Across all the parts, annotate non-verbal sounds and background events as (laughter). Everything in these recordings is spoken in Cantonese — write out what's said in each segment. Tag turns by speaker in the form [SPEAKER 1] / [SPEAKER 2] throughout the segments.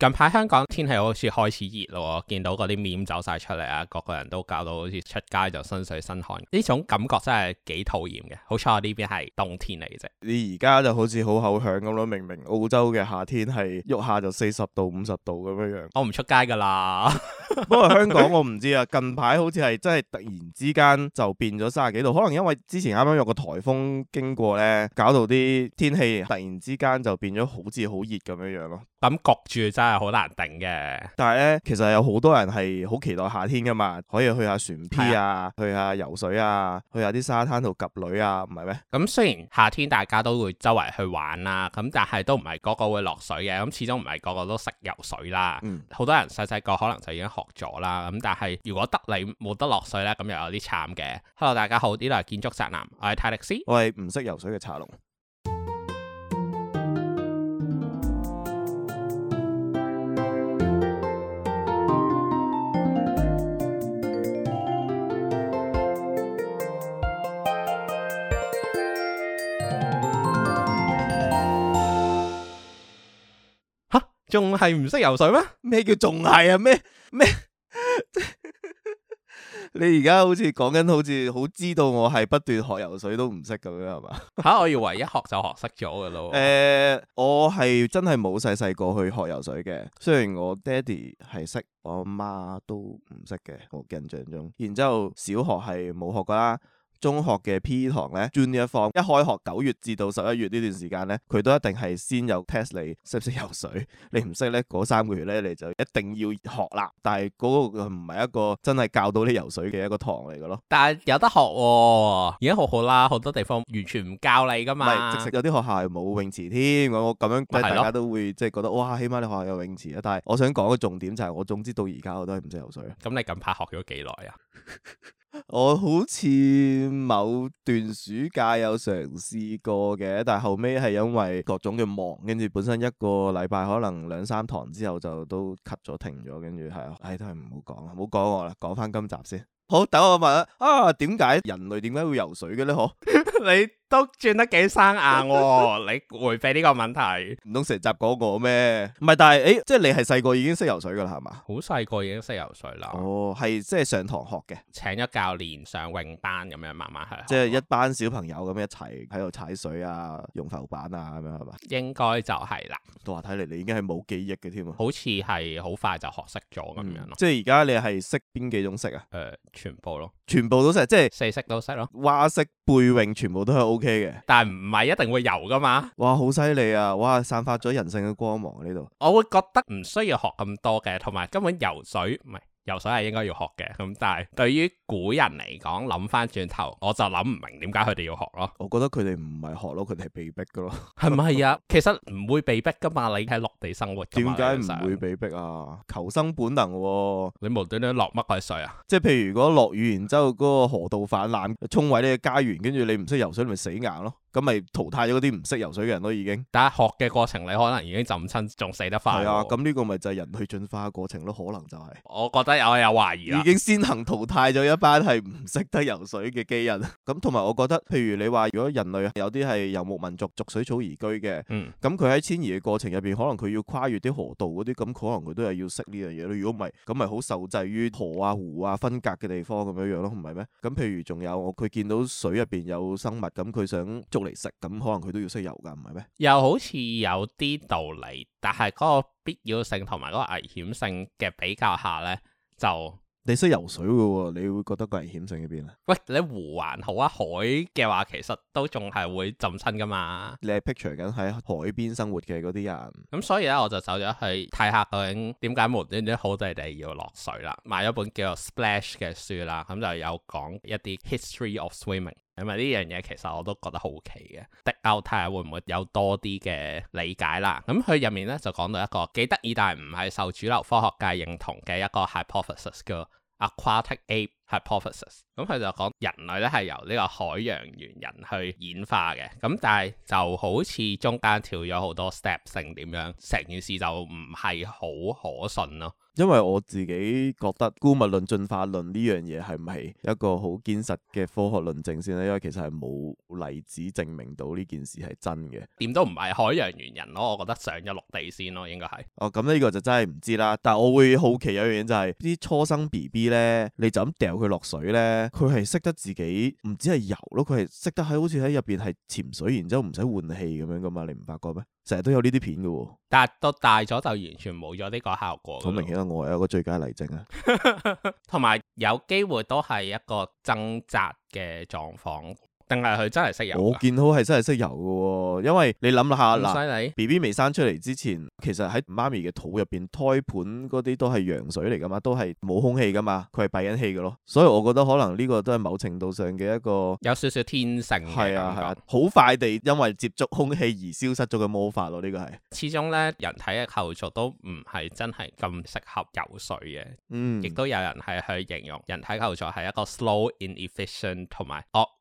[SPEAKER 1] 近排香港天氣好似開始熱咯，見到嗰啲面走晒出嚟啊！個個人都搞到好似出街就身水身汗，呢種感覺真係幾討厭嘅。好彩我呢邊係冬天嚟嘅啫。
[SPEAKER 2] 你而家就好似好口響咁咯，明明澳洲嘅夏天係喐下就四十度、五十度咁樣樣，
[SPEAKER 1] 我唔出街噶啦。 (laughs) (laughs) 不過香港
[SPEAKER 2] 我唔知啊，近排好似係真係突然之間就變咗三十幾度，可能因為之前啱啱有個颱風經過咧，搞到啲天氣突然之間就變咗好似好熱咁樣樣咯。咁焗住真
[SPEAKER 1] 係好難頂嘅。
[SPEAKER 2] 但係咧，其實有好多人係好期待夏天㗎嘛，可以去下船
[SPEAKER 1] P 啊，的去下游水啊，去下啲沙灘度及女啊，唔係咩？咁、嗯、雖然夏天大家都會周圍去玩啦，咁但係都唔係個會個會落水嘅，咁始終唔係個個都識游水啦。好、嗯、多人細細個可能就已經學咗啦。咁但係如果你得你冇得落水呢，咁又有啲慘嘅。Hello，大家好，呢度係建築宅男，我係泰力斯，
[SPEAKER 2] 我係唔識游水嘅茶
[SPEAKER 1] 龍。仲係唔識游水咩？咩叫仲係啊？咩
[SPEAKER 2] 咩？ (laughs) 你而家好似講緊好似好知道我係不斷學游水都唔識咁樣係嘛？吓、啊，我以為
[SPEAKER 1] 一學就學識咗噶咯。誒、 (laughs)
[SPEAKER 2] 呃，我係真係冇細細個去學游水嘅，雖然我爹哋係識，我阿媽都唔識嘅。我印象中，然之後小學係冇學噶啦。中學嘅 P.E. 堂咧，專呢一方，一開學九月至到十一月呢段時間咧，佢都一定係先有 test 你識唔識游水。你唔識咧，嗰三個月咧，你就一定要學啦。但係嗰個唔係一個真係教到你游水嘅
[SPEAKER 1] 一個堂嚟嘅咯。但係有得學，哦，而家學好啦，好多地方完全唔教你噶嘛。唔係，直直有啲學校係冇泳池添。
[SPEAKER 2] 我咁樣即係大家都會即係覺得哇，起碼你學校有泳池啊。但係我想講個重點就係、是，我總之到而家我都係唔識游水。
[SPEAKER 1] 咁、嗯、你近排學咗幾耐啊？ (laughs)
[SPEAKER 2] 我好似某段暑假有嘗試過嘅，但係後尾係因為各種嘅忙，跟住本身一個禮拜可能兩三堂之後就都 cut 咗停咗，跟住係啊，唉、哎、都係唔好講啦，唔好講我啦，講返今集先。好，等我問啊，點解人類點解會游水嘅咧？嗬 (laughs) ，
[SPEAKER 1] 你？都轉得幾生硬、哦， (laughs) 你回避呢個問題？
[SPEAKER 2] 唔通成集習講咩？唔係，但係誒，即係你係細個已經識游水噶啦，係嘛？
[SPEAKER 1] 好細個已經識游水啦。
[SPEAKER 2] 哦，係即係上堂學嘅，
[SPEAKER 1] 請咗教練上泳班咁樣，慢慢係，即係
[SPEAKER 2] 一班小朋友咁一齊喺度踩水啊，用浮板啊咁樣係嘛？
[SPEAKER 1] 應該就係啦。
[SPEAKER 2] 都話睇嚟，你已經係冇記憶嘅添啊？好似係好快就學識咗咁樣咯、嗯。即係而家你係識邊幾種色啊？誒、呃，全部咯，全部都識，即係四色都識咯，蛙式懂。背泳全部都係 OK 嘅，但係
[SPEAKER 1] 唔係一定會游噶嘛。
[SPEAKER 2] 哇，好犀利啊！哇，散發咗人性嘅光芒呢度。
[SPEAKER 1] 我會覺得唔需要學咁多嘅，同埋根本游水唔係。游水係應該要學嘅，咁但係對於古人嚟講，諗翻轉頭，我就諗唔明點解佢哋要學咯。我覺得佢哋唔係學咯，佢哋係被逼噶咯。係 (laughs) 咪啊？其實唔會被逼噶嘛，你係落地生活，點解唔會被逼啊？求生本能，啊，你無端端落乜鬼水啊？即係譬如如果落
[SPEAKER 2] 雨，然之後嗰個河道泛濫沖毀你嘅家園，跟住你唔識游水，咪死硬咯。咁咪淘
[SPEAKER 1] 汰咗嗰啲唔識游水嘅人咯，已經。大家學嘅過程，你可能已經浸親，仲死得快。係啊，咁
[SPEAKER 2] 呢個咪就係人類進化嘅過程咯，可能就係、
[SPEAKER 1] 是。我覺得我有有懷疑。已經先行淘汰咗一
[SPEAKER 2] 班係唔識得游水嘅基因。咁同埋，我覺得譬如你話，如果人類有啲係游牧民族，逐水草而居嘅，嗯，咁佢喺遷移嘅過程入邊，可能佢要跨越啲河道嗰啲，咁可能佢都係要識呢樣嘢咯。如果唔係，咁咪好受制於河啊、湖啊分隔嘅地方咁樣樣咯，唔係咩？咁譬如仲有，佢見到水入邊有生物，咁佢想嚟食，咁可能佢都要識游噶，唔係咩？
[SPEAKER 1] 又好似有啲道理，但係嗰個必要性同埋嗰個危險性嘅比較下咧，就
[SPEAKER 2] 你識游水嘅，你會覺得個危險性喺邊啊？
[SPEAKER 1] 喂，你湖還好啊，海嘅話其實都仲係會浸身噶嘛？
[SPEAKER 2] 你係 picture 緊喺海邊生活嘅嗰啲人，
[SPEAKER 1] 咁、嗯、所以咧我就走咗去睇下究竟點解無端端好地地要落水啦？買咗本叫做《Splash、嗯》嘅書啦，咁就有講一啲 History of Swimming。咁啊呢樣嘢其實我都覺得好奇嘅，的確睇下會唔會有多啲嘅理解啦。咁佢入面咧就講到一個幾得意但係唔係受主流科學界認同嘅一個 hypothesis 叫 aquatic ape。h y p o t h e s i s 咁佢就講人類咧係由呢個海洋猿人去演化嘅，咁但係就好似中間跳咗好多 steps 成點樣，成件事就唔係好可信咯。
[SPEAKER 2] 因為我自己覺得孤物論、進化論呢樣嘢係唔係一個好堅實嘅科學論證先咧？因為其實係冇例子證明到呢件事係真嘅。
[SPEAKER 1] 點都唔係海洋猿人咯，我覺得上咗陸地先咯，應該係。
[SPEAKER 2] 哦，咁呢個就真係唔知啦。但係我會好奇有一樣嘢就係、是、啲初生 BB 咧，你就咁掉。佢落水咧，佢係識得自己唔只係游咯，佢係識得喺好似喺入邊係潛水，然之後唔使換氣咁樣噶嘛，你唔發覺咩？成日都有呢啲片噶，
[SPEAKER 1] 但係到大咗就完全冇咗呢個效果。好
[SPEAKER 2] 明顯啊，我係一個最佳例證啊，
[SPEAKER 1] 同埋 (laughs) 有機會都係一個掙扎嘅狀況。定係佢真係識游？我
[SPEAKER 2] 見到係真係識游嘅喎、哦，因為你諗下嗱，B B 未生出嚟之前，其實喺媽咪嘅肚入邊，胎盤嗰啲都係羊水嚟噶嘛，都係冇空氣噶嘛，佢係閉緊氣嘅咯。所以我覺得可能呢個都係某程度上嘅一個
[SPEAKER 1] 有少少天性，係啊係啊，
[SPEAKER 2] 好、啊、快地因為接觸空氣而消失咗嘅魔法咯。這個、呢個係
[SPEAKER 1] 始終咧，人體嘅構造都唔係真係咁適合游水嘅。嗯，亦都有人係去形容人體構造係一個 slow inefficient 同埋惡。哦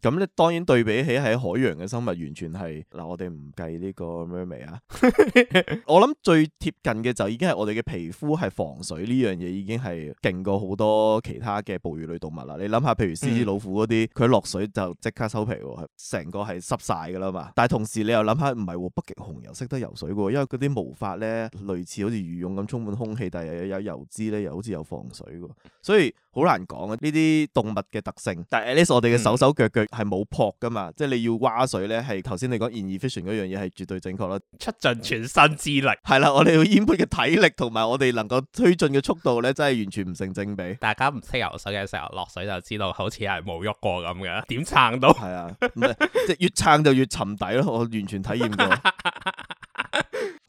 [SPEAKER 2] 咁咧，當然對比起喺海洋嘅生物，完全係嗱、呃，我哋唔計呢個咩樣未啊！
[SPEAKER 1] (laughs) (laughs) 我諗
[SPEAKER 2] 最貼近嘅就已經係我哋嘅皮膚係防水呢樣嘢，已經係勁過好多其他嘅哺乳類動物啦。你諗下，譬如獅子、老虎嗰啲，佢落、嗯、水就即刻收皮，成個係濕晒噶啦嘛。但係同時你又諗下，唔係喎，北極熊又識得游水嘅喎，因為嗰啲毛髮咧類似好似羽絨咁充滿空氣，但係又有油脂咧，又好似有防水喎。所以好難講啊，呢啲動物嘅特性。但係呢，at least 我哋嘅手手腳腳，腳。係冇撲噶嘛，即係你要挖水呢，係頭先你講 inefficient 嗰樣嘢，係絕對正確咯。
[SPEAKER 1] 出盡全身之力，係啦， (noise) (noise) 我哋要淹背嘅體力同
[SPEAKER 2] 埋我哋能夠推進嘅速度呢，真係完全唔成正比。
[SPEAKER 1] 大家唔識游水嘅時候落水就知道，好似係冇喐過咁嘅，點撐都係啊， (noise)
[SPEAKER 2] 即係越撐就越沉底咯，我完全體驗到。 (laughs)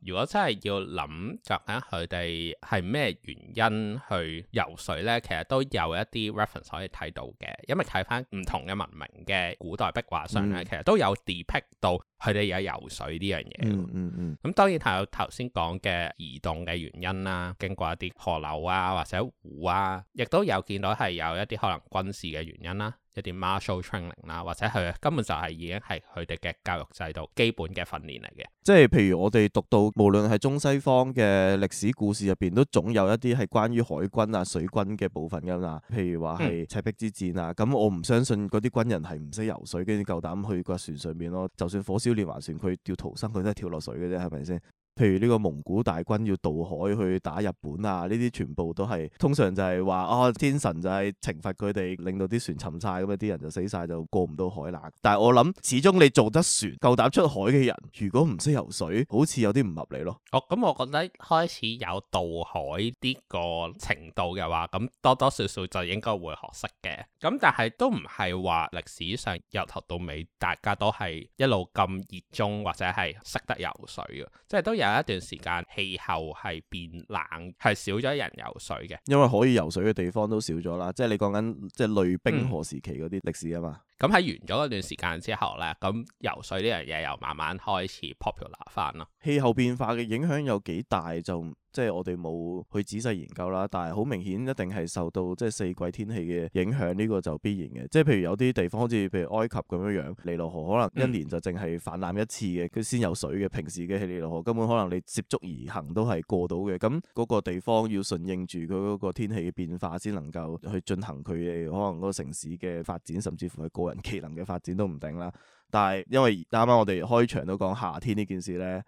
[SPEAKER 1] 如果真係要諗著咧、啊，佢哋係咩原因去游水呢？其實都有一啲 reference 可以睇到嘅，因為睇翻唔同嘅文明嘅古代壁畫上咧，其實都有 depict 到佢哋有游水呢樣嘢。
[SPEAKER 2] 咁、嗯嗯嗯
[SPEAKER 1] 嗯、當然係有頭先講嘅移動嘅原因啦、啊，經過一啲河流啊或者湖啊，亦都有見到係有一啲可能軍事嘅原因啦、啊。一啲 martial training 啦，或者係，根本就係已經係佢哋嘅教育制度基本嘅訓練嚟嘅。
[SPEAKER 2] 即係譬如我哋讀到，無論係中西方嘅歷史故事入邊，都總有一啲係關於海軍啊、水軍嘅部分噶嘛。譬如話係赤壁之戰啊，咁、嗯、我唔相信嗰啲軍人係唔識游水，跟住夠膽去個船上面咯。就算火燒連環船，佢要逃生，佢都係跳落水嘅啫，係咪先？譬如呢個蒙古大軍要渡海去打日本啊，呢啲全部都係通常就係話哦，天神就係懲罰佢哋，令到啲船沉晒，咁啲人就死晒，就過唔到海啦。但係我諗，始終你做得船夠膽出海嘅人，如果唔識游水，好似有啲唔合理咯。
[SPEAKER 1] 哦，咁、嗯、我覺得開始有渡海呢個程度嘅話，咁多多少少就應該會學識嘅。咁但係都唔係話歷史上由頭到尾大家都係一路咁熱衷或者係識得游水嘅，即係都有。有一段時間氣候係變冷，係少咗人游水嘅，
[SPEAKER 2] 因為可以游水嘅地方都少咗啦。即係你講緊即係類冰河時期啲歷史啊嘛。嗯
[SPEAKER 1] 咁喺完咗一段時間之後咧，咁游水呢樣嘢又慢慢開始 popular 翻咯。
[SPEAKER 2] 氣候變化嘅影響有幾大就即係我哋冇去仔細研究啦，但係好明顯一定係受到即係四季天氣嘅影響，呢個就必然嘅。即係譬如有啲地方好似譬如埃及咁樣樣尼羅河，可能一年就淨係泛濫一次嘅，佢先有水嘅。平時嘅尼羅河根本可能你涉足而行都係過到嘅。咁嗰個地方要順應住佢嗰個天氣嘅變化，先能夠去進行佢嘅可能嗰個城市嘅發展，甚至乎係個。技能嘅發展都唔定啦，但係因為啱啱我哋開場都講夏天呢件事呢，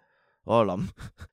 [SPEAKER 2] 我就諗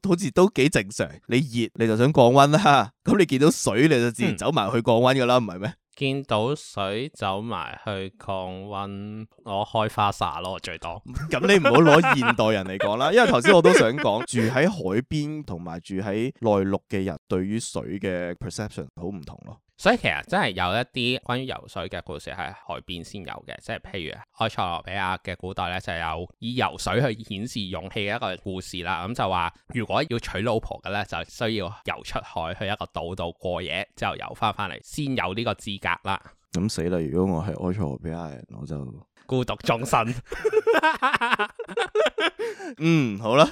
[SPEAKER 2] 好似都幾正常，你熱你就想降溫啦，咁你見到水你就自然走埋去降溫噶啦，唔係咩？
[SPEAKER 1] 見到水走埋去降溫，我開花灑咯，最多。咁 (laughs) 你唔好攞現代人嚟講啦， (laughs) 因為頭先我都想講
[SPEAKER 2] 住喺海邊同埋住喺內陸嘅人對於水嘅 perception 好唔同咯。
[SPEAKER 1] 所以其實真係有一啲關於游水嘅故事係海邊先有嘅，即係譬如埃塞俄比亞嘅古代咧就有以游水去顯示勇氣嘅一個故事啦。咁就話如果要娶老婆嘅咧，就需要游出海去一個島度過夜，之後游翻翻嚟先有呢個資格啦。
[SPEAKER 2] 咁死啦！如果我係埃塞俄比亞人，我就
[SPEAKER 1] 孤獨終身。
[SPEAKER 2] (laughs) (laughs) 嗯，好啦。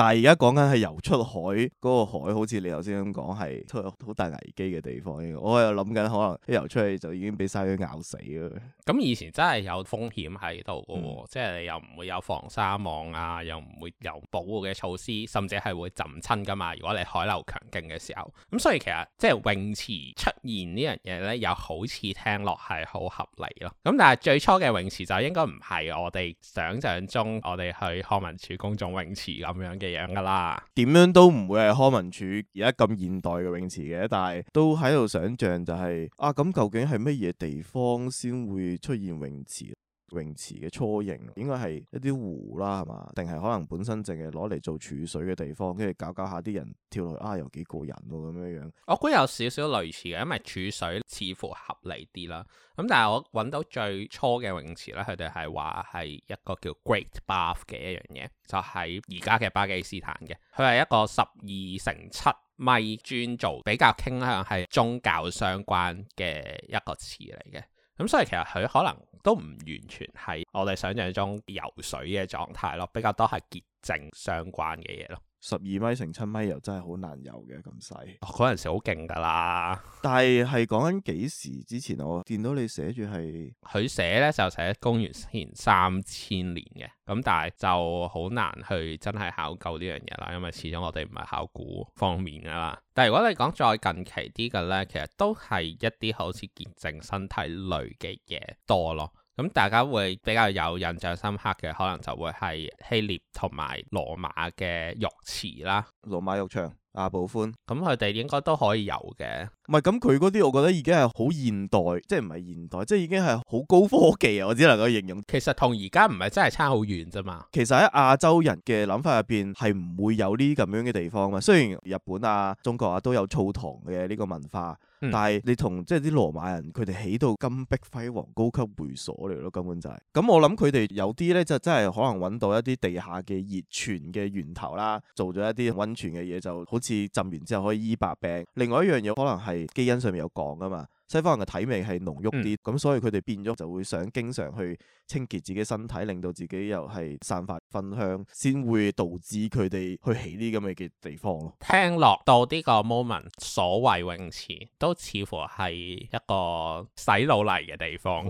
[SPEAKER 2] 但係而家講緊係游出海嗰個海，好似你頭先咁講係出好大危機嘅地方。我又諗緊，可能一游出去就已經俾鯊魚咬死啊！
[SPEAKER 1] 咁以前真係有風險喺度噶喎，嗯、即係你又唔會有防沙網啊，又唔會有保護嘅措施，甚至係會浸親噶嘛。如果你海流強勁嘅時候，咁所以其實即係泳池出現呢樣嘢呢，又好似聽落係好合理咯。咁但係最初嘅泳池就應該唔係我哋想像中，我哋去康文署公眾泳池咁樣嘅。樣噶啦，
[SPEAKER 2] 點樣都唔會係康文署而家咁現代嘅泳池嘅，但係都喺度想象就係、是、啊，咁究竟係乜嘢地方先會出現泳池？泳池嘅雛形應該係一啲湖啦，係嘛？定係可能本身淨係攞嚟做儲水嘅地方，跟住搞搞下啲人跳落去啊，有幾個人喎、啊、咁樣樣。
[SPEAKER 1] 我估有少少類似嘅，因為儲水似乎合理啲啦。咁但係我揾到最初嘅泳池咧，佢哋係話係一個叫 Great Bath 嘅一樣嘢，就喺而家嘅巴基斯坦嘅。佢係一個十二乘七米磚造，比較傾向係宗教相關嘅一個池嚟嘅。咁所以其實佢可能都唔完全係我哋想象中游水嘅狀態咯，比較多係潔淨相關嘅嘢咯。十二米乘
[SPEAKER 2] 七米又真係好難游嘅咁細。
[SPEAKER 1] 哦，嗰陣時好勁噶啦。但係係講緊幾時之前，我見到你寫住係佢寫咧，就寫公元前三千年嘅，咁但係就好難去真係考究呢樣嘢啦，因為始終我哋唔係考古方面噶啦。但係如果你講再近期啲嘅咧，其實都係一啲好似健證身體類嘅嘢多咯。咁大家會比較有印象深刻嘅，可能就會係希臘同埋羅馬嘅浴池啦，羅馬浴場阿寶歡，咁佢哋應該都可以有嘅。
[SPEAKER 2] 唔係咁佢嗰啲，那那我覺得已經係好現代，即係唔係現代，即係已經係好高科
[SPEAKER 1] 技啊！我只能夠形容。其實同而家唔係真係差好遠啫嘛。
[SPEAKER 2] 其實喺亞洲人嘅諗法入邊係唔會有呢啲咁樣嘅地方嘛。雖然日本啊、中國啊都有澡堂嘅呢個文化。但係你同即係啲羅馬人，佢哋起到金碧輝煌高級會所嚟咯，根本就係、是。咁我諗佢哋有啲咧就真係可能揾到一啲地下嘅熱泉嘅源頭啦，做咗一啲温泉嘅嘢，就好似浸完之後可以醫百病。另外一樣嘢可能係基因上面有講㗎嘛。西方人嘅體味係濃郁啲，咁、嗯、所以佢哋變咗就會想經常去清潔自己身體，令到自己又係散發芬香，先會導致佢哋去起啲咁嘅嘅地
[SPEAKER 1] 方咯。聽落到呢個 moment，所謂泳池都似乎係一個洗腦嚟嘅地方。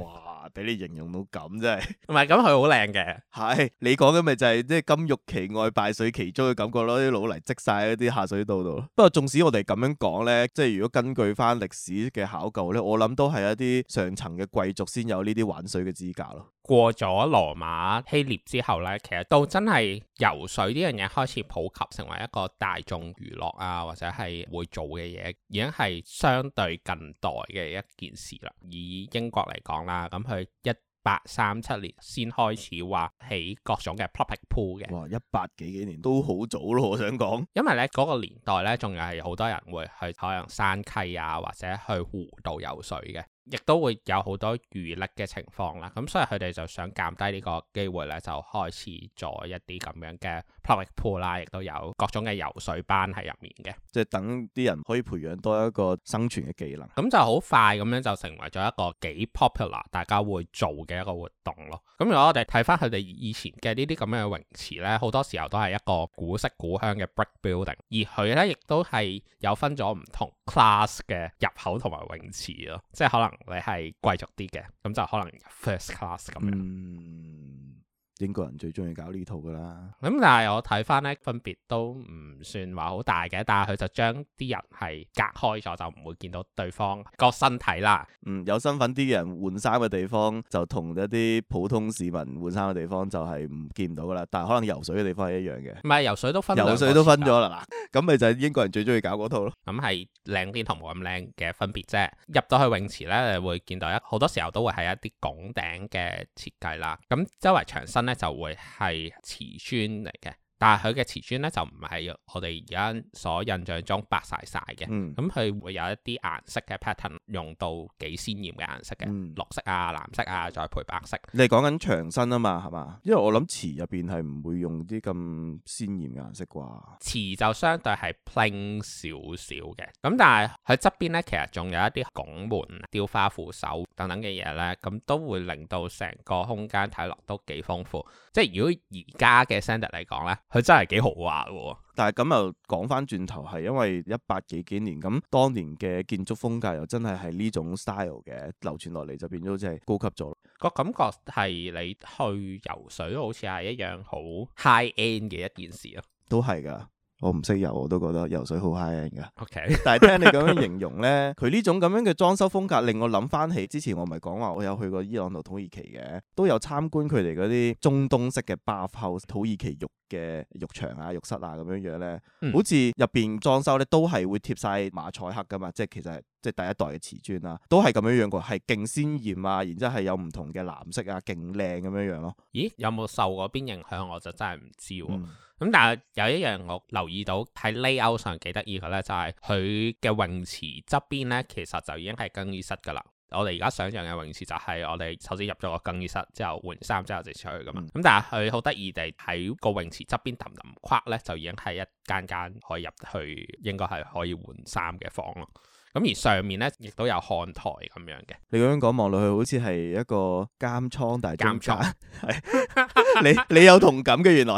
[SPEAKER 1] 俾你形容到咁真係，唔係咁佢好靚嘅，係
[SPEAKER 2] 你講嘅咪就係即係金玉其外，敗絮其中嘅感覺咯，啲老泥積晒喺啲下水道度。不過縱使我哋咁樣講咧，即係如果根據翻歷史嘅考究咧，我諗都係一啲上層嘅貴族先有呢啲玩水嘅資格咯。
[SPEAKER 1] 過咗羅馬、希臘之後呢，其實都真係游水呢樣嘢開始普及，成為一個大眾娛樂啊，或者係會做嘅嘢，已經係相對近代嘅一件事啦。以英國嚟講啦，咁佢一八三七年先開始話起各種嘅 public pool 嘅。哇！一八幾幾年都好早咯，我想講。因為呢嗰個年代呢，仲有係好多人會去可能山溪啊，或者去湖度游水嘅。亦都會有好多餘力嘅情況啦，咁所以佢哋就想減低呢個機會咧，就開始做一啲咁樣嘅 public pool 啦，亦都有各種嘅游水班喺入面嘅，
[SPEAKER 2] 即係等啲人可以培養多一個生存嘅技能。
[SPEAKER 1] 咁就好快咁樣就成為咗一個幾 popular，大家會做嘅一個活動咯。咁如果我哋睇翻佢哋以前嘅呢啲咁樣嘅泳池咧，好多時候都係一個古色古香嘅 brick building，而佢咧亦都係有分咗唔同 class 嘅入口同埋泳池咯，即係可能。你係貴族啲嘅，咁就可能 first class 咁樣。嗯
[SPEAKER 2] 英國人最中意搞套、嗯、呢套噶啦，
[SPEAKER 1] 咁但係我睇翻咧，分別都唔算話好大嘅，但係佢就將啲人係隔開咗，就唔會見到對方個身體啦。
[SPEAKER 2] 嗯，有身份啲嘅人換衫嘅地方，就同一啲普通市民換衫嘅地方就係唔見唔到噶啦。但係可能游水嘅地方係一樣嘅，
[SPEAKER 1] 唔係游水都分，游水都
[SPEAKER 2] 分咗啦嗱。咁咪 (laughs) 就係英國人最中意搞嗰套咯。
[SPEAKER 1] 咁係靚啲同冇咁靚嘅分別啫。入到去泳池咧，你會見到一好多時候都會係一啲拱頂嘅設計啦。咁周圍牆身。咧就會係瓷磚嚟嘅。但係佢嘅瓷磚咧就唔係我哋而家所印象中白晒晒嘅，咁佢、嗯、會有一啲顏色嘅 pattern 用到幾鮮豔嘅顏色嘅，嗯、綠色啊、藍色啊，再配白色。
[SPEAKER 2] 你講緊牆身啊嘛，係嘛？因為我諗池入邊係唔會用啲咁鮮豔嘅顏色啩。
[SPEAKER 1] 池就相對係 plain 少少嘅，咁但係喺側邊咧其實仲有一啲拱門、雕花扶手等等嘅嘢咧，咁都會令到成個空間睇落都幾豐富。即係如果而家嘅 standard 嚟講咧。佢真係幾豪華。哦，但係咁又講
[SPEAKER 2] 翻轉頭，係因為一百幾幾年咁當年嘅建築風格又真係係呢種 style 嘅，流傳落嚟，就變咗即係高級咗
[SPEAKER 1] 個感覺係你去游水，好似係一樣好 high end 嘅一件事啊，
[SPEAKER 2] 都係噶。我唔識游，我都覺得游水好 high end 噶。OK，但係聽你咁樣形容
[SPEAKER 1] 咧，佢呢 (laughs) 種咁樣嘅裝修風格
[SPEAKER 2] 令我諗翻起之前我咪講話我有去過伊朗同土耳其嘅，都有參觀佢哋嗰啲中東式嘅 bath house 土耳其浴。嘅浴場啊、浴室啊咁樣樣咧，好似入邊裝修咧都係會貼晒馬賽克噶嘛，即係其實即係第一代嘅瓷磚啊，都係咁樣樣噶，係勁鮮艷啊，然之後係有唔同嘅藍色啊，勁靚咁樣樣咯。
[SPEAKER 1] 咦，有冇受嗰邊影響我就真係唔知喎、啊。咁、嗯、但係有一樣我留意到喺 layout 上幾得意嘅咧，就係佢嘅泳池側邊咧，其實就已經係更衣室噶啦。我哋而家想象嘅泳池就係我哋首先入咗個更衣室之後換衫之後直出去噶嘛，咁、嗯、但係佢好得意地喺個泳池側邊揼揼框咧，就已經係一間間可以入去，應該係可以換衫嘅房咯。咁而上面咧亦都有看台咁樣嘅。
[SPEAKER 2] 你咁樣講望落去好似係一個監倉，但係監倉
[SPEAKER 1] 係你你有同感嘅原來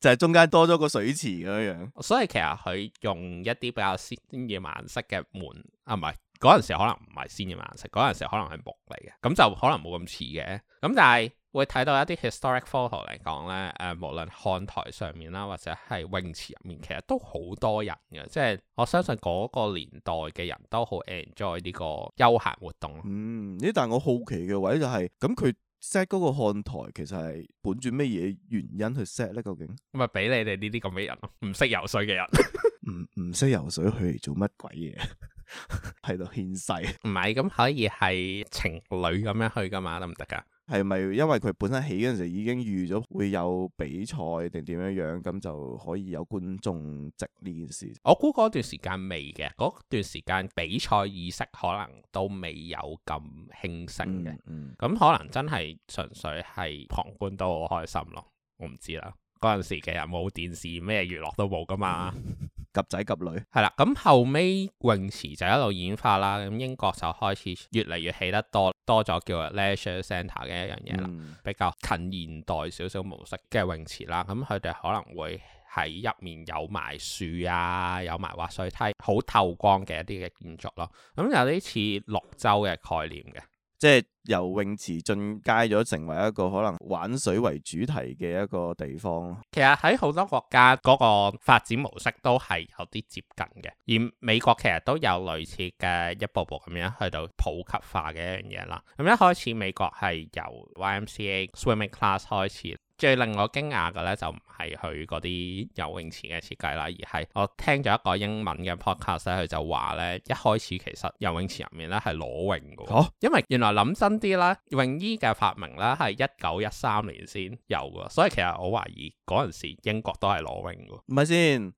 [SPEAKER 1] 就係、是、中間多咗個水池咁樣，所以其實佢用一啲比較鮮嘅顏色嘅門啊，唔係。嗰陣時可能唔係鮮嘅顏色，嗰陣時可能係木嚟嘅，咁就可能冇咁似嘅。咁但係會睇到一啲 historic photo 嚟講咧，誒、呃，無論看台上面啦，或者係泳池入面，其實都好多人嘅。即係我相信嗰個年代嘅人都好 enjoy 呢個休閒活動。嗯，
[SPEAKER 2] 咦？但係我好奇嘅位就係、是，咁佢 set 嗰個看台其實係本住咩嘢原因去 set 咧？究竟
[SPEAKER 1] 咪俾你哋呢啲咁嘅人咯？唔識游水嘅人，唔
[SPEAKER 2] 唔識游水 (laughs) 去嚟做乜鬼嘢？
[SPEAKER 1] 喺度 (laughs) 獻世。唔係咁可以係情侶咁樣去噶嘛得唔得噶？
[SPEAKER 2] 係咪因為佢本身起嗰陣時候已經預咗會有比賽定點樣樣，咁就可以有觀眾席
[SPEAKER 1] 呢件事？我估嗰段時間未嘅，嗰段時間比賽意識可能都未有咁興盛嘅。咁、嗯嗯、可能真係純粹係旁觀都好開心咯。我唔知啦，嗰陣時其實冇電視，咩娛樂都冇噶嘛。 (laughs) 夾仔夾女係啦，咁後尾泳池就一路演化啦。咁英國就開始越嚟越起得多，多咗叫啊 leisure center 嘅一樣嘢啦，嗯、比較近現代少少模式嘅泳池啦。咁佢哋可能會喺入面有埋樹啊，有埋滑水梯，好透光嘅一啲嘅建築咯。咁有啲似綠洲嘅概念嘅。
[SPEAKER 2] 即係由泳池進階咗成為一個可能玩水為主題嘅一個地方。
[SPEAKER 1] 其實喺好多國家嗰個發展模式都係有啲接近嘅，而美國其實都有類似嘅一步步咁樣去到普及化嘅一樣嘢啦。咁一開始美國係由 YMCA Swimming Class 開始。最令我驚訝嘅咧，就唔係佢嗰啲游泳池嘅設計啦，而係我聽咗一個英文嘅 podcast，佢就話咧，一開始其實游泳池入面咧係裸泳嘅。啊！因為原來諗真啲啦，泳衣嘅發明咧係一九一三年先有嘅，所以其實我懷疑嗰陣時英國都係裸泳嘅。
[SPEAKER 2] 唔係先。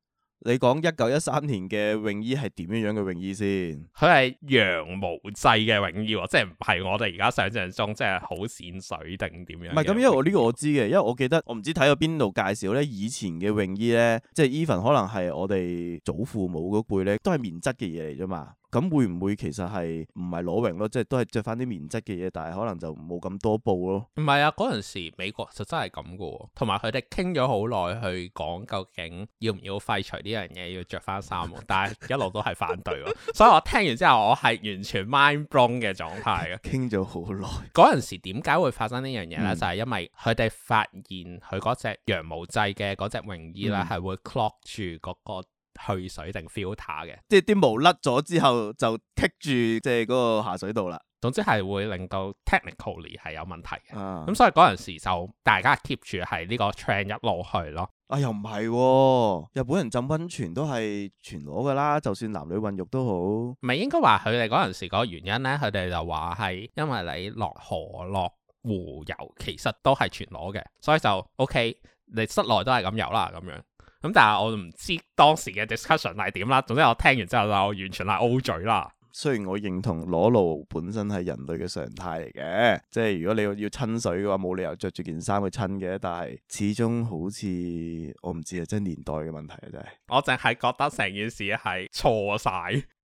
[SPEAKER 2] 你講一九一三年嘅泳衣係點樣樣嘅泳衣先泳衣、喔？佢係
[SPEAKER 1] 羊毛製嘅泳衣，即係唔係我哋而家想象中，即係好跣水定點樣？唔係
[SPEAKER 2] 咁，因為我呢個我知嘅，因為我記得我唔知睇過邊度介紹咧，以前嘅泳衣咧，即係 even 可能係我哋祖父母嗰輩咧，都係棉質嘅嘢嚟啫嘛。咁會唔會其實係唔係裸泳咯？即係都係着翻啲棉質嘅嘢，但係可能就冇咁多布咯。
[SPEAKER 1] 唔係啊，嗰陣時美國就真係咁嘅，同埋佢哋傾咗好耐去講究竟要唔要廢除呢樣嘢，要着翻衫。 (laughs) 但係一路都係反對， (laughs) 所以我聽完之後，我係完全 mind blown 嘅狀態嘅。傾
[SPEAKER 2] 咗好耐，
[SPEAKER 1] 嗰陣時點解會發生呢樣嘢呢？嗯、就係因為佢哋發現佢嗰隻羊毛製嘅嗰隻泳衣咧，係會 lock 住嗰個。去水定 filter 嘅，即係啲毛甩咗之後就棘住，即係嗰個下水道啦。總之係會令到 technically 係有問題嘅，咁所以嗰陣時就大家 keep 住係呢個 train 一路去咯。
[SPEAKER 2] 啊，又唔係，日本人浸温泉都係全裸噶啦，就算男女混浴都好。
[SPEAKER 1] 咪係應該話佢哋，嗰陣時個原因咧，佢哋就話係因為你落河落湖游，其實都係全裸嘅，所以就 ok，你室內都係咁游啦咁樣。咁、嗯、但係我唔知當時嘅 discussion 係點啦，總之我聽完之後就完全係 O 嘴啦。
[SPEAKER 2] 雖然我認同
[SPEAKER 1] 裸露本身係人類嘅常態嚟
[SPEAKER 2] 嘅，即係如果你要親水嘅話，冇理由着住件衫去親嘅，但係始終好似我唔知啊，即係年代嘅問題啊，真係。
[SPEAKER 1] 我淨係覺得成件事係錯晒。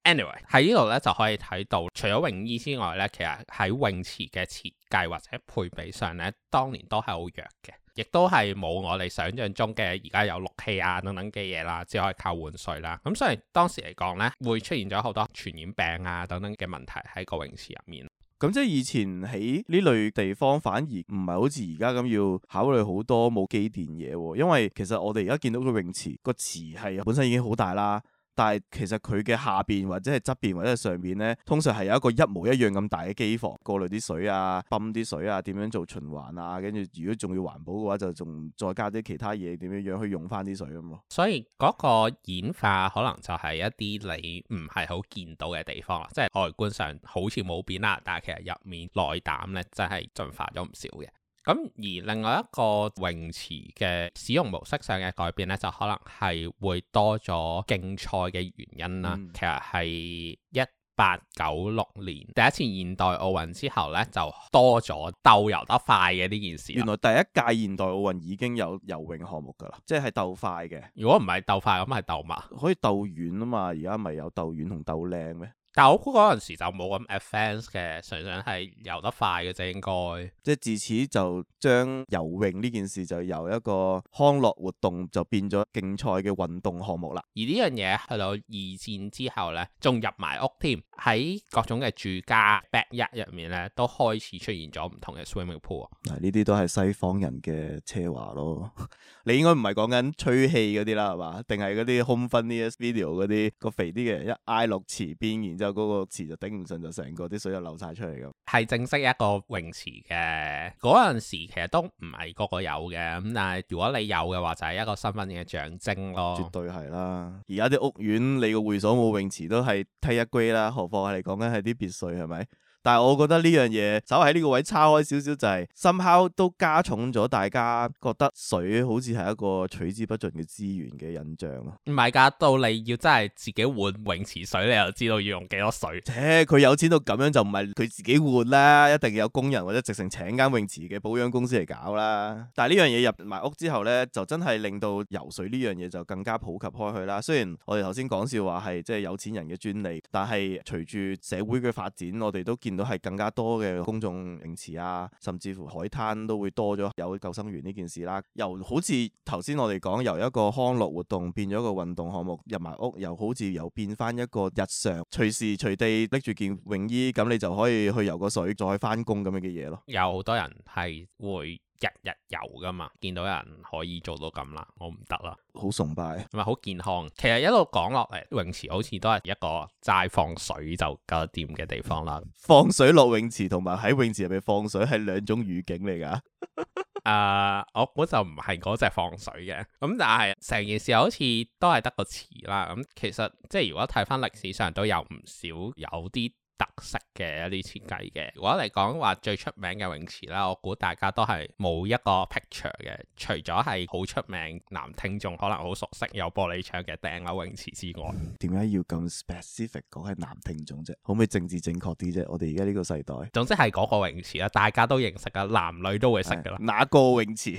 [SPEAKER 1] anyway，喺呢度咧就可以睇到，除咗泳衣之外咧，其實喺泳池嘅設計或者配備上咧，當年都係好弱嘅。亦都係冇我哋想象中嘅而家有氯氣啊等等嘅嘢啦，只可以靠換水啦。咁所以當時嚟講呢，會出現咗好多傳染病啊等等嘅問題喺個泳池入面。
[SPEAKER 2] 咁即係以前喺呢類地方，反而唔係好似而家咁要考慮好多冇機電嘢喎。因為其實我哋而家見到個泳池，個池係本身已經好大啦。但係其實佢嘅下邊或者係側邊或者係上邊咧，通常係有一個一模一樣咁大嘅機房，過濾啲水啊，泵啲水啊，點樣做循環啊？跟住如果仲要環保嘅話，就仲再加啲其他嘢，點樣樣去用翻啲水咁咯。
[SPEAKER 1] 所以嗰個演化可能就係一啲你唔係好見到嘅地方啦，即係外觀上好似冇變啦，但係其實入面內膽咧真係進化咗唔少嘅。咁而另外一個泳池嘅使用模式上嘅改變咧，就可能係會多咗競賽嘅原因啦。嗯、其實係一八九六年第一次現代奧運之後咧，就多咗鬥游得快嘅呢件事。原來第一屆
[SPEAKER 2] 現代奧運已經有游泳項目㗎啦，即係鬥快嘅。如果唔係鬥快，咁係鬥馬，可以鬥遠啊嘛。而家咪有鬥遠同鬥靚咩？
[SPEAKER 1] 但係我估嗰陣時就冇咁 advanced 嘅，常常係游得快嘅啫，應該。
[SPEAKER 2] 即係自此就將游泳呢件事就由一個康樂活動就變咗競賽嘅運動項目啦。
[SPEAKER 1] 而呢樣嘢去到二戰之後咧，仲入埋屋添，喺各種嘅住家 backyard 入面咧，都開始出現咗唔同嘅 swimming pool。
[SPEAKER 2] 嗱，呢啲都係西方人嘅奢華咯。
[SPEAKER 1] (laughs) 你應該唔係講緊吹氣嗰啲啦，係嘛？定係嗰啲 home
[SPEAKER 2] funniest video 嗰啲個肥啲嘅人一挨落池邊，然之後。嗰個池就頂唔順，就成個啲水
[SPEAKER 1] 就流晒出嚟咁。係，正式一個泳池嘅嗰陣時，其實都唔係個個有嘅。咁但係如果你有嘅話，就係一個身份嘅象徵咯。絕對係啦。
[SPEAKER 2] 而家啲屋苑你個會所冇泳池都係梯一 grade 啦，何況係講緊係啲別墅係咪？是但係我覺得呢樣嘢，手喺呢個位叉開少少，就是，就係 somehow 都加重咗大家覺得水好似係一個取之不盡嘅資源嘅印象。
[SPEAKER 1] 唔係㗎，到你要真係自己換泳池水，你又知道要用幾多水？
[SPEAKER 2] 佢有錢到咁樣就唔係佢自己換啦，一定有工人或者直情請間泳池嘅保養公司嚟搞啦。但係呢樣嘢入埋屋之後呢，就真係令到游水呢樣嘢就更加普及開去啦。雖然我哋頭先講笑話係即係有錢人嘅專利，但係隨住社會嘅發展，我哋都見。都係更加多嘅公眾泳池啊，甚至乎海灘都會多咗有救生員呢件事啦。又好似頭先我哋講，由一個康樂活動變咗個運動項目入埋屋，又好似又變翻一個日常，隨時隨地拎住件泳衣，咁你就可以去游個水再翻工咁樣嘅嘢咯。
[SPEAKER 1] 有好多人係會。日日游噶嘛，見到有人可以做到咁啦，我唔得啦，
[SPEAKER 2] 好崇拜，
[SPEAKER 1] 唔係好健康。其實一路講落嚟，泳池好似都係一個齋放水就夠掂嘅地方啦。
[SPEAKER 2] 放水落泳池同埋喺泳池入面放水係兩種語境嚟噶。
[SPEAKER 1] 誒、 (laughs) 呃，我估就唔係嗰隻放水嘅，咁、嗯、但係成件事好似都係得個池啦。咁、嗯、其實即係如果睇翻歷史上都有唔少有啲。特色嘅一啲設計嘅，如果嚟講話，最出名嘅泳池啦，我估大家都係冇一個 picture 嘅，除咗係好出名，男聽眾可能好熟悉，有玻璃窗嘅頂樓泳池之外。點
[SPEAKER 2] 解要咁 specific 講係男聽眾啫？可唔可以政治正確啲啫？我哋而家呢個世代，
[SPEAKER 1] 總之係嗰個泳池啦，大家都認識噶，男女都會識噶啦。哪個泳池？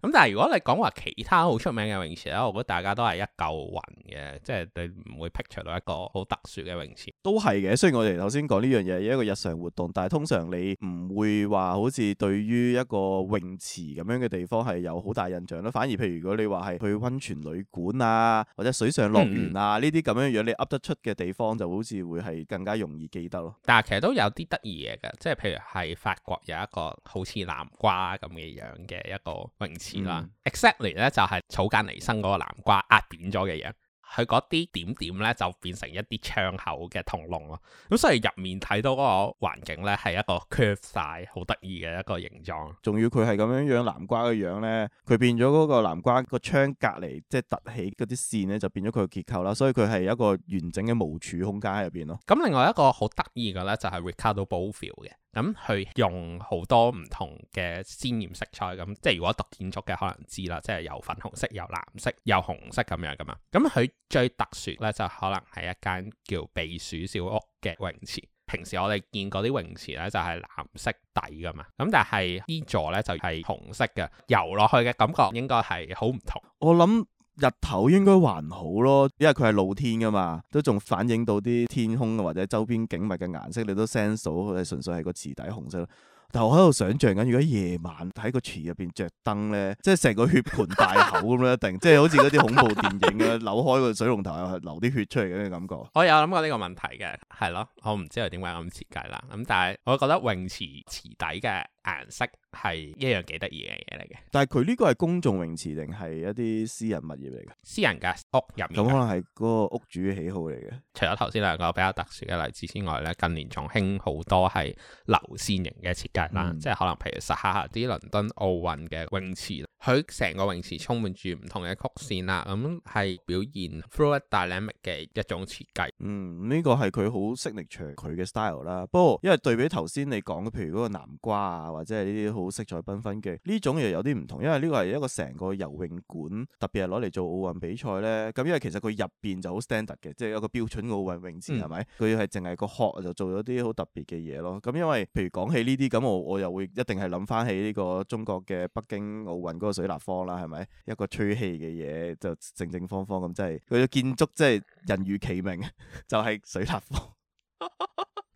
[SPEAKER 1] 咁 (laughs) 但係如果你講話其他好出名嘅泳池啦，我覺得大家都係一嚿雲嘅，即係你唔會 picture 到一個好特殊嘅泳池。
[SPEAKER 2] 都係嘅，雖然我哋 (noise) (noise) 先講呢樣嘢，一個日常活動，但係通常你唔會話好似對於一個泳池咁樣嘅地方係有好大印象咯。反而譬如如果你話係去溫泉旅館啊，或者水上樂園啊呢啲咁樣樣，你噏得出嘅地方就好似會係更加容易記得咯。
[SPEAKER 1] 但係其實都有啲得意嘢嘅，即係譬如係法國有一個好似南瓜咁嘅樣嘅一個泳池啦。嗯、Exactly 咧就係草間彌生嗰個南瓜壓扁咗嘅樣。佢嗰啲點點咧就變成一啲窗口嘅通龍咯，咁所以入面睇到嗰個環境咧係一個 curve 曬，好得意嘅一個形狀。
[SPEAKER 2] 仲要佢係咁樣樣南瓜嘅樣咧，佢變咗嗰個南瓜個窗隔離，即係凸起嗰啲線咧就變咗佢嘅結構啦。所以佢係一個完整嘅無柱空間入邊咯。
[SPEAKER 1] 咁另外一個好得意嘅咧就係、是、Ricardo Bofill 嘅。咁佢、嗯、用好多唔同嘅鮮豔色彩，咁、嗯、即係如果讀建築嘅可能知啦，即係有粉紅色、有藍色、有紅色咁樣噶嘛。咁、嗯、佢最特殊咧，就可能係一間叫避暑小屋嘅泳池。平時我哋見嗰啲泳池咧就係、是、藍色底噶嘛，咁、嗯、但係呢座咧就係、是、紅色嘅，游落去嘅感覺應該係好唔同。
[SPEAKER 2] 我諗。日頭應該還好咯，因為佢係露天噶嘛，都仲反映到啲天空或者周邊景物嘅顏色，你都 sense 到係純粹係個池底紅色咯。但我喺度想象緊，如果夜晚喺個池入邊着燈咧，即係成個血盆大口咁樣， (laughs) 一定即係好似嗰啲恐怖電影嘅 (laughs) 扭開個水龍頭又係流啲血出嚟嘅感覺。
[SPEAKER 1] (laughs) 我有諗過呢個問題嘅，係咯，我唔知道點解咁設計啦。咁但係我覺得泳池池底嘅。顏色係一樣幾得意嘅嘢嚟嘅。
[SPEAKER 2] 但係佢呢個係公眾泳池定係一啲私人物業嚟嘅？
[SPEAKER 1] 私人嘅屋入面，咁可能係個屋主嘅喜好嚟嘅。除咗頭先兩個比較特殊嘅例子之外咧，近年重興好多係流線型嘅設計啦，嗯、即係可能譬如 Zaha Hadid 啲倫敦奧運嘅泳池，佢成個泳池充滿住唔同嘅曲線啦、啊，咁、嗯、係表現 fluid dynamic 嘅一種設計。嗯，呢、這個係佢好 signature 佢嘅 style 啦。不過
[SPEAKER 2] 因為對比頭先你講嘅，譬如嗰個南瓜啊。或者係呢啲好色彩繽紛嘅呢種又有啲唔同，因為呢個係一個成個游泳館，特別係攞嚟做奧運比賽咧。咁因為其實佢入邊就好 standard 嘅，即係一個標準奧運泳池係咪？佢係淨係個殼就做咗啲好特別嘅嘢咯。咁因為譬如講起呢啲咁，我我又會一定係諗翻起呢個中國嘅北京奧運嗰個水立方啦，係咪一個吹氣嘅嘢就正正方方咁，即係佢嘅建築即係人如其名， (laughs) 就係水立方。 (laughs)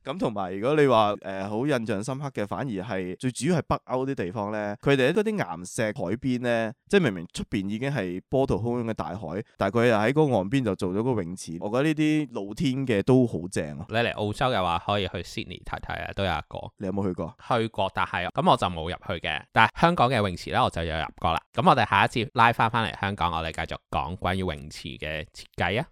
[SPEAKER 2] 咁同埋，如果你話誒好印象深刻嘅，反而係最主要係北歐啲地方呢。佢哋喺嗰啲岩石海邊呢，即係明明出邊已經係波濤洶湧嘅大海，但係佢又喺嗰個岸邊就做咗個泳池。我覺得呢啲露天嘅都好正咯。
[SPEAKER 1] 你嚟澳洲嘅話，可以去 Sydney 睇睇啊，都有一個。你有冇去過？去過，但係咁我就冇入去嘅。但係香港嘅泳池呢，我就有入過啦。咁我哋下一次拉翻翻嚟香港，我哋繼續講關於泳池嘅設計啊。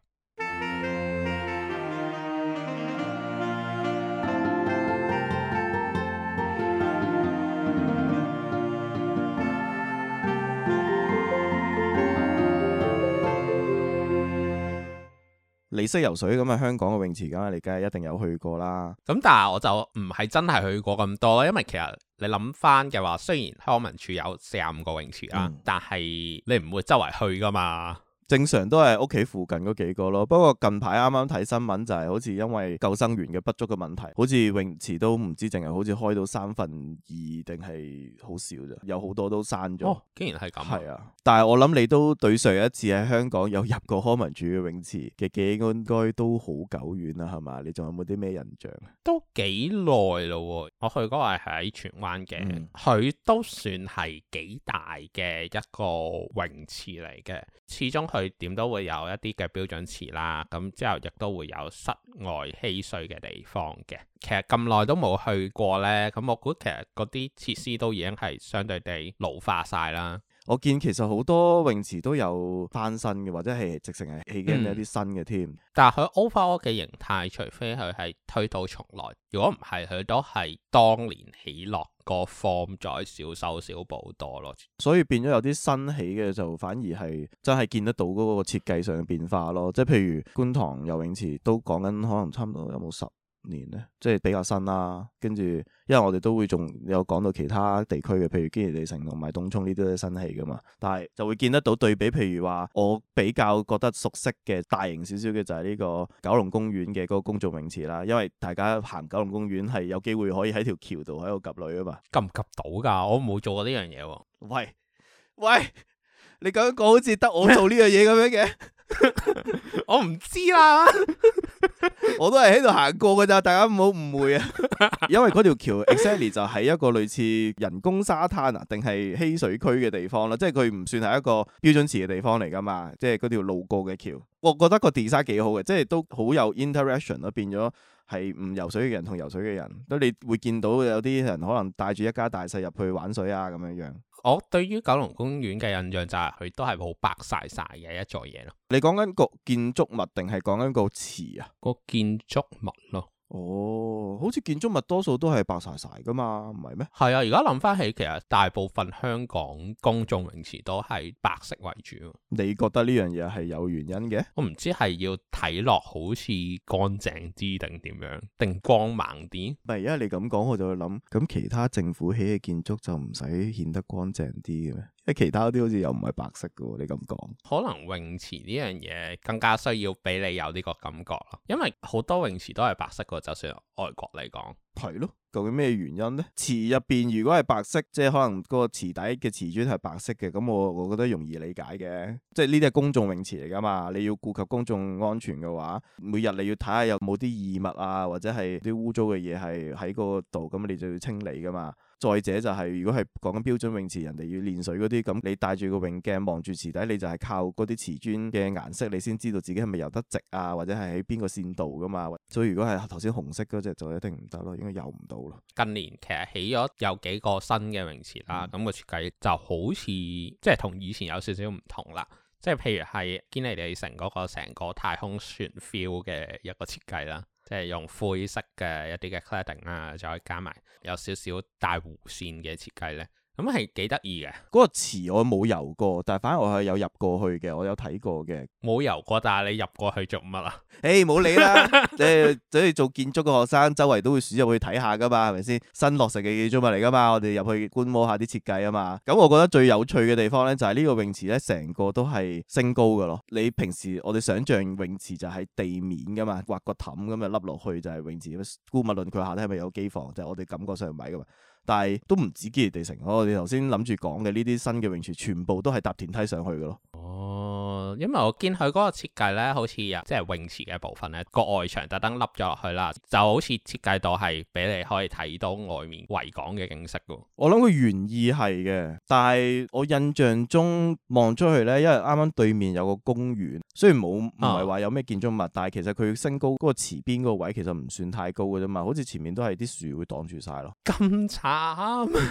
[SPEAKER 2] 你識游水咁啊，香港嘅泳池咁你梗係一定有去過啦。
[SPEAKER 1] 咁但係我就唔係真係去過咁多啦，因為其實你諗返嘅話，雖然康文署有四十五個泳池啦，嗯、但係你唔會周圍去㗎嘛。
[SPEAKER 2] 正常都係屋企附近嗰幾個咯，不過近排啱啱睇新聞就係、是、好似因為救生員嘅不足嘅問題，好似泳池都唔知淨係好似開到三分二定係好少咋，有好多都閂咗。
[SPEAKER 1] 哦，竟然係咁、啊，係啊！
[SPEAKER 2] 但係我諗你都對上一次喺香港有入過康文署嘅泳池嘅記憶應該，應該都好久遠啦，係嘛？你仲有冇啲咩印象？
[SPEAKER 1] 都幾耐咯，我去嗰個係喺荃灣嘅，佢、嗯、都算係幾大嘅一個泳池嚟嘅，始終。佢點都會有一啲嘅標準池啦，咁之後亦都會有室外嬉水嘅地方嘅。其實咁耐都冇去過呢。咁我估其實嗰啲設施都已經係相對地老化晒啦。
[SPEAKER 2] 我見其實好多泳池都有翻新嘅，或者係直情係起緊一啲新
[SPEAKER 1] 嘅添。嗯、但係佢 overall 嘅形態，除非佢係推倒重來，如果唔係，佢都係當年起落。個方再少收少補多咯，
[SPEAKER 2] 所以變咗有啲新起嘅就反而係真係見得到嗰個設計上嘅變化咯。即係譬如觀塘游泳池都講緊，可能差唔多有冇十年咧，即係比較新啦，啊。跟住，因為我哋都會仲有講到其他地區嘅，譬如堅尼地城同埋東涌呢啲都係新戲噶嘛。但係就會見得到對比，譬如話我比較覺得熟悉嘅大型少少嘅就係呢個九龍公園嘅嗰個公眾泳池啦。因為大家行九龍公園係有機會可以喺條橋度喺度夾女啊嘛。夾唔夾
[SPEAKER 1] 到噶我冇做過呢樣嘢。喂
[SPEAKER 2] 喂，你咁樣講好似得我做呢樣嘢咁樣嘅。 (laughs) (laughs) 我唔不知啦， (laughs) 我都係喺度行過噶，咋，大家唔好誤會啊。 (laughs) 因為嗰條橋 exactly 就係一個類似人工沙灘啊，定係嬉水區嘅地方啦。即係佢唔算係一個標準池嘅地方嚟噶嘛。即係嗰條路過嘅橋，我覺得個 design 幾好嘅，即係都好有 interaction 咯，變咗。係唔游水嘅人同游水嘅人都你會見到有啲人可能帶住一家大細入去玩水啊，咁樣樣。
[SPEAKER 1] 我對於九龍公園嘅印象就係、是、佢都係好白晒晒嘅一座嘢咯。
[SPEAKER 2] 你講緊個建築物定係講緊個池啊？個建築物咯。哦，好似建築物多數都係白晒晒噶嘛，唔係咩？
[SPEAKER 1] 係啊，而家諗翻起，其實大部分香港公眾泳池都係白色為主。你覺得呢樣嘢係有原因嘅？我唔知係要睇落好似乾淨啲定點樣，定光猛啲。唔係，而家你咁講，我就會諗，
[SPEAKER 2] 咁其他政府起嘅建築就唔使顯得乾淨啲嘅咩？其他啲好似又唔係白色嘅喎，你咁講，
[SPEAKER 1] 可能泳池呢樣嘢更加需要俾你有呢個感覺咯，因為好多泳池都係白色嘅，就算外國嚟講，係
[SPEAKER 2] 咯，究竟咩原因咧？池入邊如果係白色，即係可能個池底嘅瓷磚係白色嘅，咁我我覺得容易理解嘅，即係呢啲係公眾泳池嚟噶嘛，你要顧及公眾安全嘅話，每日你要睇下有冇啲異物啊，或者係啲污糟嘅嘢係喺嗰度，咁你就要清理噶嘛。再者就係、是，如果係講緊標準泳池，人哋要練水嗰啲咁，你戴住個泳鏡望住池底，你就係靠嗰啲瓷磚嘅顏色，你先知道自己係咪遊得直啊，或者係喺邊個線度㗎嘛。所以如果係頭先紅色嗰隻就一定唔得咯，應該游唔
[SPEAKER 1] 到咯。近年其實起咗有幾個新嘅泳池啦，咁個設計就好似即係同以前有少少唔同啦，即係譬如係堅尼地城嗰個成個太空船 feel 嘅一個設計啦。即係用灰色嘅一啲嘅 cladding 啊，再加埋有少少大弧線嘅設計咧。咁係幾得意嘅？嗰個池
[SPEAKER 2] 我冇游過，但係反而我係有入過去嘅，我有睇過嘅。
[SPEAKER 1] 冇游過，但係你入過去做乜啊？誒
[SPEAKER 2] ，hey，冇理啦，你即係做建築嘅學生，周圍都會鼠入去睇下噶嘛，係咪先？新落成嘅建築物嚟噶嘛，我哋入去觀摩下啲設計啊嘛。咁我覺得最有趣嘅地方咧，就係呢個泳池咧，成個都係升高噶咯。你平時我哋想象泳池就喺地面噶嘛，挖個氹咁樣凹落去就係泳池。姑勿論佢下咧係咪有機房？就係我哋感覺上唔係噶嘛。但係都唔止堅尼地城，我哋頭先諗住講嘅呢啲新嘅泳池，全部都係搭電梯上去嘅咯。
[SPEAKER 1] 哦，因為我見佢嗰個設計咧，好似啊，即係泳池嘅部分咧，個外牆特登凹咗落去啦，就好似設計到係俾你可以睇到外面維港嘅景色嘅。
[SPEAKER 2] 我諗佢原意係嘅，但係我印象中望出去咧，因為啱啱對面有個公園。雖然冇唔係話有咩建築物，嗯、但係其實佢升高嗰個池邊嗰個位其實唔算太高嘅啫嘛，好似前面都係啲樹會擋住晒咯。
[SPEAKER 1] 咁慘！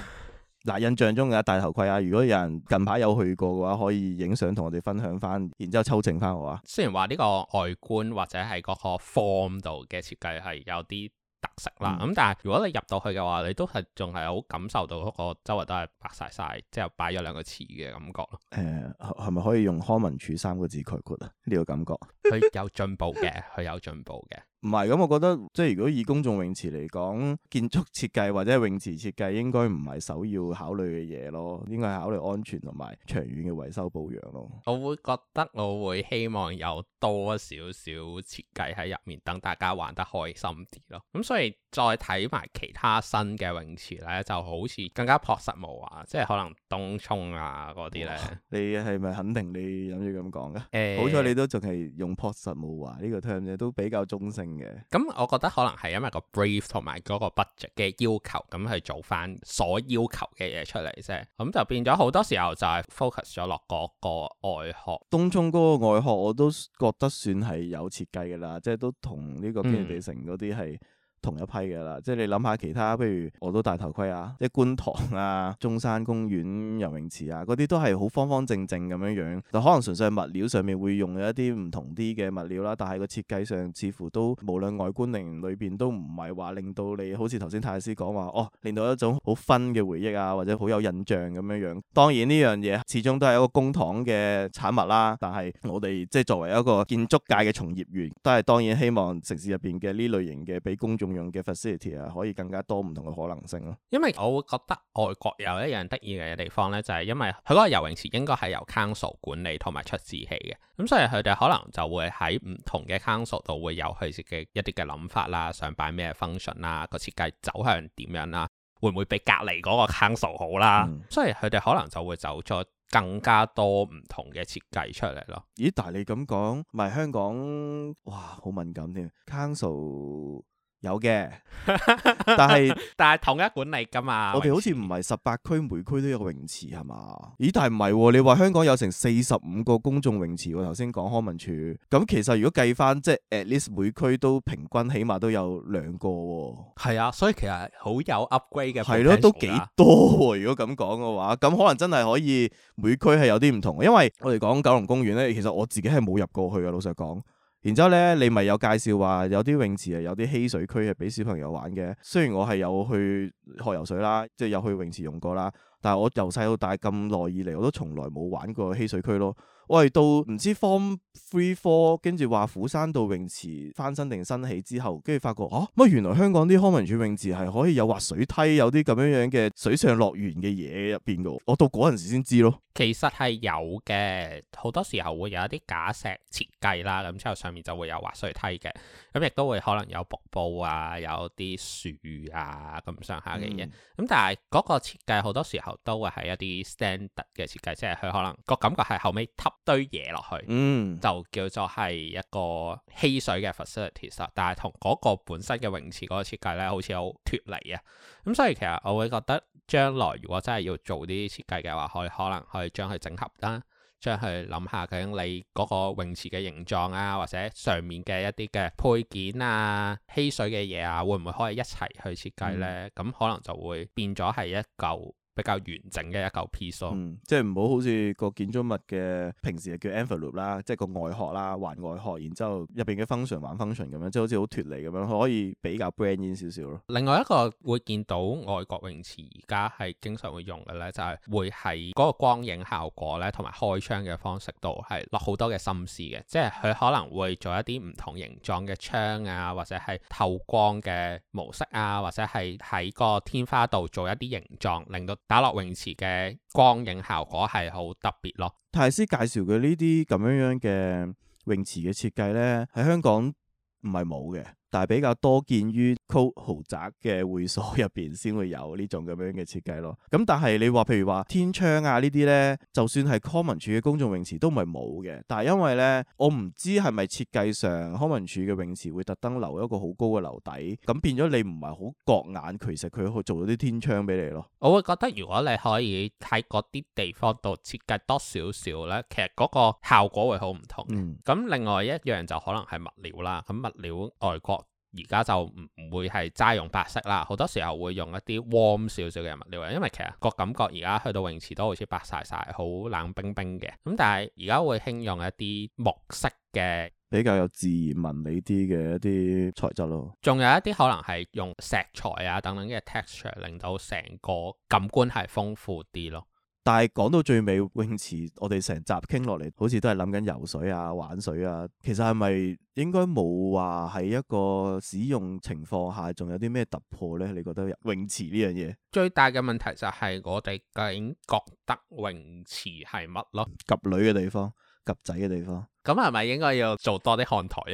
[SPEAKER 2] 嗱， (laughs) 印象中嘅大頭盔啊，如果有人近排有去過嘅話，可以影相同我哋分享翻，然之後抽正翻我啊。
[SPEAKER 1] 雖然話呢個外觀或者係嗰個 form 度嘅設計係有啲。特色啦，咁、嗯嗯、但係如果你入到去嘅話，你都係仲係好感受到嗰個周圍都係白晒晒，即係擺咗兩個詞嘅感覺咯。
[SPEAKER 2] 誒、呃，係咪可以用康文署三個字概括，括啊？呢、這個感覺？佢有進步嘅，佢有進步嘅。唔係咁，我覺得即係如果以公眾泳池嚟講，建築設計或者泳池設計應該唔係首要考慮嘅嘢咯，應該係考慮安全同埋長遠嘅維修保養咯。
[SPEAKER 1] 我會覺得我會希望有多少少設計喺入面，等大家玩得開心啲咯。咁所以。再睇埋其他新嘅泳池咧，就好似更加樸實無華，即係可能東涌啊嗰啲咧。
[SPEAKER 2] 你係咪肯定你諗住咁講嘅？誒、欸，好彩你都仲係用樸實無華呢、這個 term 嘢，都比較中性嘅。
[SPEAKER 1] 咁我覺得可能係因為個 brief 同埋嗰個 budget 嘅要求，咁去做翻所要求嘅嘢出嚟啫。咁就變咗好多時候就係 focus 咗落個個外殼。
[SPEAKER 2] 東涌個外殼我都覺得算係有設計嘅啦，即係都同呢個堅尼地城嗰啲係。同一批嘅啦，即係你諗下其他，譬如我都戴頭盔啊，即係觀塘啊、中山公園游泳池啊，嗰啲都係好方方正正咁樣樣，就可能純粹係物料上面會用一啲唔同啲嘅物料啦，但係個設計上似乎都無論外觀定裏邊都唔係話令到你好似頭先泰師講話哦，令到一種好分嘅回憶啊，或者好有印象咁樣樣，當然呢樣嘢始終都係一個公帑嘅產物啦，但係我哋即係作為一個建築界嘅從業員都係當然希望城市入邊嘅呢類型嘅俾公眾。用嘅 facility 啊，可以更加多
[SPEAKER 1] 唔同嘅可能性咯。因為我會覺得外國有一樣得意嘅地方咧，就係因為佢嗰個游泳池應該係由 council 管理同埋出資起嘅，咁所以佢哋可能就會喺唔同嘅 council 度會有佢自己一啲嘅諗法啦，想擺咩 function 啦，個設計走向點樣啦，會唔會比隔離嗰個 council 好啦？嗯，所以佢哋可能就會走咗更加多唔同嘅設計出嚟咯。
[SPEAKER 2] 咦？但係你咁講，咪香港哇，好敏感添 council。有嘅， (laughs) 但係是
[SPEAKER 1] 但係統一管理噶嘛？我哋好似
[SPEAKER 2] 唔係十八區每區都有泳池係嘛？咦，但係唔係喎？你話香港有成四十五個公眾泳池喎？頭先講康文署，咁其實如果計翻即係 at least 每區都平均起碼都有兩個喎。係啊，所以其實好有
[SPEAKER 1] upgrade 嘅係咯，都幾多
[SPEAKER 2] 喎？嗯、如果咁講嘅話，咁可能真係可以每區係有啲唔同，因為我哋講九龍公園咧，其實我自己係冇入過去嘅，老實講。然之後咧，你咪有介紹話有啲泳池啊，有啲嬉水區係俾小朋友玩嘅。雖然我係有去學游水啦，即係有去泳池用過啦，但係我由細到大咁耐以嚟，我都從來冇玩過嬉水區咯。我係，到唔知 form three four，跟住話釜山到泳池翻新定新起之後，跟住發覺嚇乜、啊、原來香港啲康文署泳池係可以有滑水梯、有啲咁樣樣嘅水上樂園嘅嘢入邊嘅我到嗰陣時先知咯。
[SPEAKER 1] 其實係有嘅，好多時候會有一啲假石設計啦，咁之後上面就會有滑水梯嘅，咁亦都會可能有瀑布啊，有啲樹啊咁上下嘅嘢。咁、嗯、但係嗰個設計好多時候都會係一啲 standard 嘅設計，即係佢可能個感覺係後尾堆嘢落去，嗯、就叫做係一個嬉水嘅 facility 啦。但係同嗰個本身嘅泳池嗰個設計咧，好似好脱離啊。咁所以其實我會覺得，將來如果真係要做啲設計嘅話，可以可能可以將佢整合啦，將佢諗下究竟你嗰個泳池嘅形狀啊，或者上面嘅一啲嘅配件啊、嬉水嘅嘢啊，會唔會可以一齊去設計呢？咁、嗯、可能就會變咗係一嚿。比較完整嘅一嚿 piece、嗯、即係
[SPEAKER 2] 唔好好似個建築物嘅平時係叫 envelope 啦，即係個外殼啦，還外殼，然之後入邊嘅 function 還 function 咁樣，即係好似好脱離咁樣，可以比較 brand in 少少咯。
[SPEAKER 1] 另外一個會見到外國泳池而家係經常會用嘅咧，就係、是、會喺嗰個光影效果咧，同埋開窗嘅方式度係落好多嘅心思嘅，即係佢可能會做一啲唔同形狀嘅窗啊，或者係透光嘅模式啊，或者係喺個天花度做一啲形狀，令到打落泳池嘅光影效果係好特別咯。
[SPEAKER 2] 泰斯介紹嘅呢啲咁樣樣嘅泳池嘅設計咧，喺香港唔係冇嘅。但係比較多見於高豪宅嘅會所入邊先會有呢種咁樣嘅設計咯。咁但係你話譬如話天窗啊呢啲咧，就算係康文署嘅公眾泳池都唔係冇嘅。但係因為咧，我唔知係咪設計上康文署嘅泳池會特登留一個好高嘅樓底，咁變咗你唔係好覺眼，其實佢去做咗啲天窗俾你咯。
[SPEAKER 1] 我會覺得如果你可以喺嗰啲地方度設計多少少咧，其實嗰個效果會好唔同。咁、嗯、另外一樣就可能係物料啦。咁物料外國。而家就唔唔會係齋用白色啦，好多時候會用一啲 warm 少少嘅物料，因為其實個感覺而家去到泳池都好似白晒晒，好冷冰冰嘅。咁但係而家會興用一啲木色嘅
[SPEAKER 2] 比較有自然紋理啲嘅一啲材質咯。
[SPEAKER 1] 仲有一啲可能係用石材啊等等嘅 texture 令到成個感官係豐富啲咯。
[SPEAKER 2] 但係講到最尾泳池，我哋成集傾落嚟，好似都係諗緊游水啊、玩水啊。其實係咪應該冇話喺一個使用情況下，仲有啲咩突破咧？你覺得泳池呢樣嘢？
[SPEAKER 1] 最大嘅問題就係我哋究竟覺得泳池係乜咯？
[SPEAKER 2] 睇女嘅地方，睇仔嘅地方。
[SPEAKER 1] 咁係咪應該要做多啲看台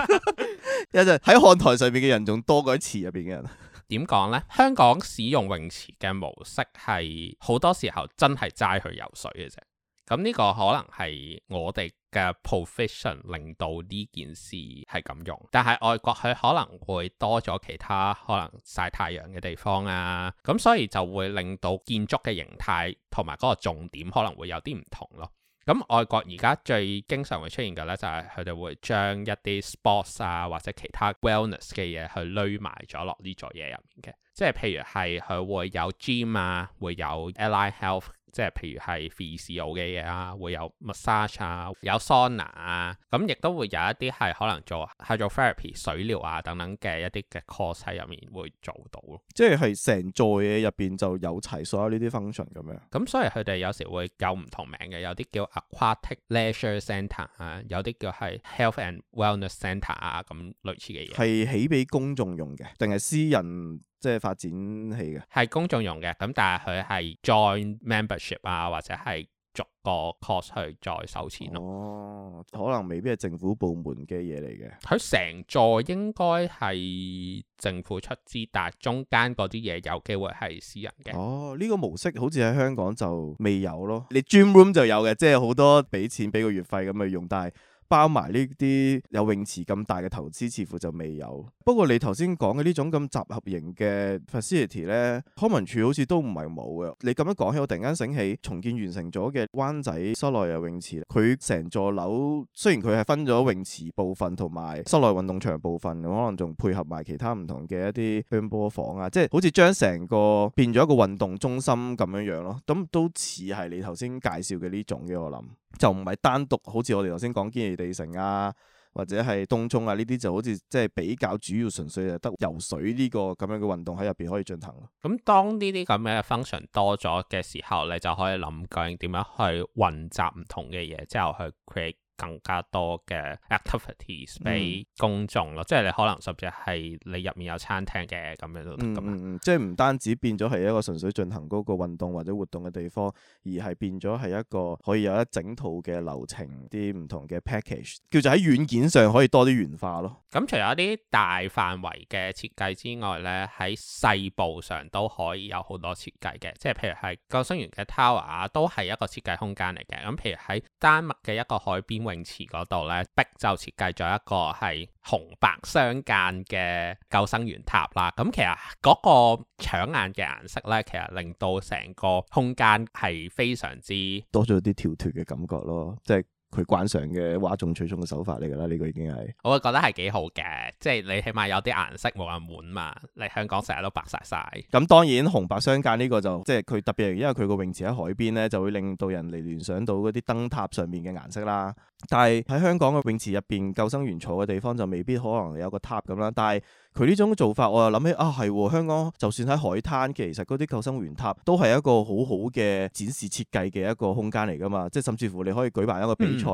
[SPEAKER 2] 啊？有陣喺看台上邊嘅人仲多過喺池入邊嘅人。
[SPEAKER 1] 點講呢？香港使用泳池嘅模式係好多時候真係齋去游水嘅啫。咁呢個可能係我哋嘅 profession 令到呢件事係咁用，但係外國佢可能會多咗其他可能曬太陽嘅地方啊，咁所以就會令到建築嘅形態同埋嗰個重點可能會有啲唔同咯。咁、嗯、外國而家最經常會出現嘅咧，就係佢哋會將一啲 sports 啊，或者其他 wellness 嘅嘢去攏埋咗落呢座嘢入面嘅，即係譬如係佢會有 gym 啊，會有 allied health。即係譬如係 free style 嘅嘢啊，會有 massage 啊，有 sauna 啊，咁亦都會有一啲係可能做係做 hydro therapy 水療啊等等嘅一啲嘅 course 喺入面會做到
[SPEAKER 2] 咯。即係係成座嘢入邊就有齊所有呢啲 function 咁樣。
[SPEAKER 1] 咁所以佢哋有時會有唔同名嘅，有啲叫 aquatic leisure center 啊，有啲叫係 health and wellness center 啊咁類似嘅嘢。係起
[SPEAKER 2] 俾公眾用嘅定係私人？即係
[SPEAKER 1] 發展起嘅，係公眾用嘅，咁但係佢係 join membership 啊，或者係逐個 cost 去再收錢咯。哦，
[SPEAKER 2] 可能未必係政府部門
[SPEAKER 1] 嘅嘢嚟嘅。佢成座應該係政府出資，但係中間嗰啲嘢有機會係私人
[SPEAKER 2] 嘅。哦，呢個模式好似喺香港就未有咯。你 gym room 就有嘅，即係好多俾錢俾個月費咁去用，但係。包埋呢啲有泳池咁大嘅投資，似乎就未有。不過你頭先講嘅呢種咁集合型嘅 facility 咧，康文署好似都唔係冇嘅。你咁樣講起，我突然間醒起重建完成咗嘅灣仔室內游泳池，佢成座樓雖然佢係分咗泳池部分同埋室內運動場部分，可能仲配合埋其他唔同嘅一啲蹦波房啊，即係好似將成個變咗一個運動中心咁樣樣咯。咁都似係你頭先介紹嘅呢種嘅，我諗。就唔係單獨，好似我哋頭先講堅尼地城啊，或者係東涌啊呢啲，就好似即係比較主要，純粹就得游水呢個咁樣嘅運動喺入邊可以進行咯。
[SPEAKER 1] 咁當呢啲咁樣嘅 function 多咗嘅時候，你就可以諗究竟點樣去混雜唔同嘅嘢之後去 create。更加多嘅 activities 俾公眾咯，嗯、即係你可能甚至係你入面有餐廳嘅咁樣咯，得、
[SPEAKER 2] 嗯、即係唔單止變咗係一個純粹進行嗰個運動或者活動嘅地方，而係變咗係一個可以有一整套嘅流程啲唔同嘅 package，叫做喺軟件上可以多啲元化咯。
[SPEAKER 1] 咁、嗯、除咗啲大範圍嘅設計之外咧，喺細部上都可以有好多設計嘅，即係譬如係救生員嘅 tower 都係一個設計空間嚟嘅。咁、嗯、譬如喺丹麥嘅一個海邊。泳池嗰度咧，壁就設計咗一個係紅白相間嘅救生員塔啦。咁、嗯、其實嗰個搶眼嘅顏色咧，其實令到成個空間係非常之
[SPEAKER 2] 多咗啲跳脱嘅感覺咯。即係佢慣常嘅嘩眾取寵嘅手法嚟㗎啦。呢、這個已經係
[SPEAKER 1] 我會覺得係幾好嘅，即係你起碼有啲顏色冇咁悶嘛。你香港成日都白晒晒。
[SPEAKER 2] 咁當然紅白相間呢個就即係佢特別係因為佢個泳池喺海邊咧，就會令到人嚟聯想到嗰啲燈塔上面嘅顏色啦。但係喺香港嘅泳池入邊，救生員坐嘅地方就未必可能有個塔咁啦。但係佢呢種做法，我又諗起啊，係香港就算喺海灘，其實嗰啲救生員塔都係一個好好嘅展示設計嘅一個空間嚟㗎嘛。即係甚至乎你可以舉辦一個比賽，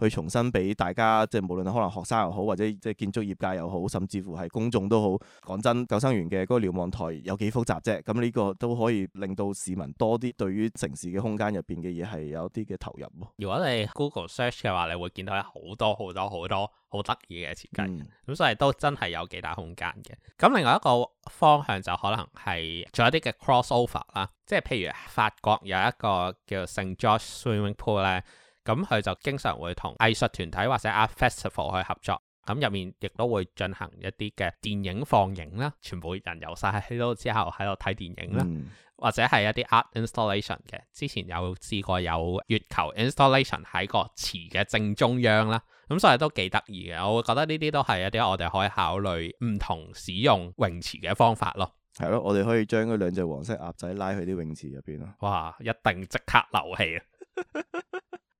[SPEAKER 2] 去重新俾大家，嗯、即係無論可能學生又好，或者即係建築業界又好，甚至乎係公眾都好。講真，救生員嘅嗰個瞭望台有幾複雜啫。咁呢個都可以令到市民多啲對於城市嘅空間入邊嘅嘢係有啲嘅投入咯。
[SPEAKER 1] 如果你 Google search 嘅話，會見到有好多好多好多好得意嘅設計，咁、嗯嗯、所以都真係有幾大空間嘅。咁另外一個方向就可能係做一啲嘅 crossover 啦，即係譬如法國有一個叫 Saint George Swimming Pool 咧，咁、嗯、佢就經常會同藝術團體或者 Art Festival 去合作，咁、嗯、入面亦都會進行一啲嘅電影放映啦，全部人游晒喺度之後喺度睇電影啦。嗯或者係一啲 art installation 嘅，之前有試過有月球 installation 喺個池嘅正中央啦，咁所以都幾得意嘅。我會覺得呢啲都係一啲我哋可以考慮唔同使用泳池嘅方法咯。係
[SPEAKER 2] 咯，我哋可以將嗰兩隻黃色鴨仔拉去啲泳池入邊啊！
[SPEAKER 1] 哇，一定即刻流氣啊！ (laughs)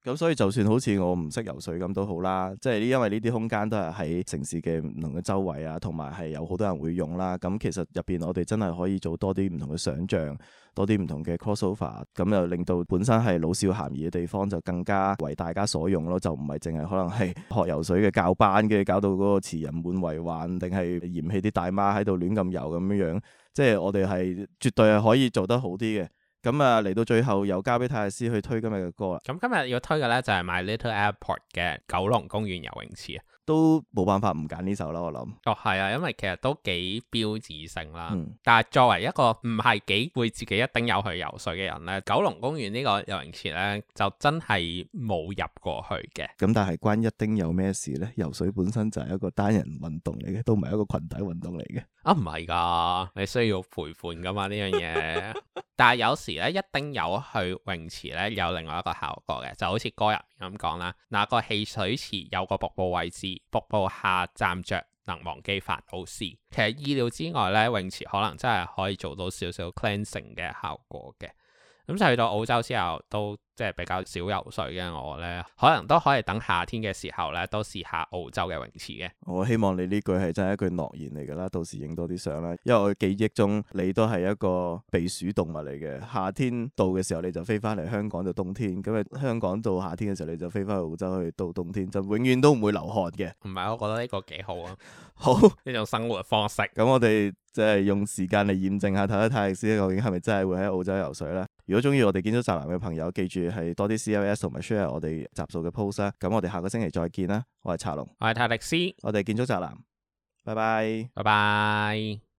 [SPEAKER 2] 咁所以就算好似我唔識游水咁都好啦，即係因為呢啲空間都係喺城市嘅唔同嘅周圍啊，同埋係有好多人會用啦。咁其實入邊我哋真係可以做多啲唔同嘅想像，多啲唔同嘅 crossover，咁又令到本身係老少咸宜嘅地方就更加為大家所用咯。就唔係淨係可能係學游水嘅教班嘅搞到嗰個池人滿為患，定係嫌棄啲大媽喺度亂咁游咁樣樣。即係我哋係絕對係可以做得好啲嘅。咁啊，嚟到最後又交俾泰斯去推今日
[SPEAKER 1] 嘅歌啦。咁今日要推嘅呢，就係 my little airport 嘅《九龍公園游泳池》啊，
[SPEAKER 2] 都冇辦法唔揀呢首咯，我諗。
[SPEAKER 1] 哦，係啊，因為其實都幾標誌性啦。嗯、但係作為一個唔係幾會自己一丁友去游水嘅人呢，《九龍公園》呢個游泳池呢，就真係冇入過去嘅。
[SPEAKER 2] 咁但係關一丁友咩事呢？游水本身就係一個單人運動嚟嘅，都唔係一個群體運動嚟嘅。
[SPEAKER 1] 啊，唔係噶，你需要賠款噶嘛，呢樣嘢。 (laughs) 但係有時咧，一定有去泳池咧，有另外一個效果嘅，就好似歌入面咁講啦。嗱，個戲水池有個瀑布位置，瀑布下站着能忘記煩惱事。其實意料之外咧，泳池可能真係可以做到少少 cleansing 嘅效果嘅。咁就去到澳洲之後都，即係比較少游水嘅我咧，可能都可以等夏天嘅時候咧，都試下澳洲嘅泳池嘅。
[SPEAKER 2] 我希望你呢句係真係一句諾言嚟噶啦，到時影多啲相啦。因為我記憶中你都係一個避暑動物嚟嘅，夏天到嘅時候你就飛翻嚟香港就冬天，咁啊香港到夏天嘅時候你就飛翻去澳洲去到冬天，就永遠都唔會流汗嘅。
[SPEAKER 1] 唔係，我覺得呢個幾好啊， (laughs) 好呢種生活方式。
[SPEAKER 2] 咁 (laughs) 我哋即係用時間嚟驗證下，睇一睇歷史究竟係咪真係會喺澳洲游水啦。如果中意我哋建築宅男嘅朋友，記住。係多啲 COS 同埋 share 我哋集數嘅 post 啦，啊，咁我哋下個星期再見啦！我係茶龍，
[SPEAKER 1] 我係泰迪斯，
[SPEAKER 2] 我哋建築宅男，
[SPEAKER 1] 拜拜，拜拜。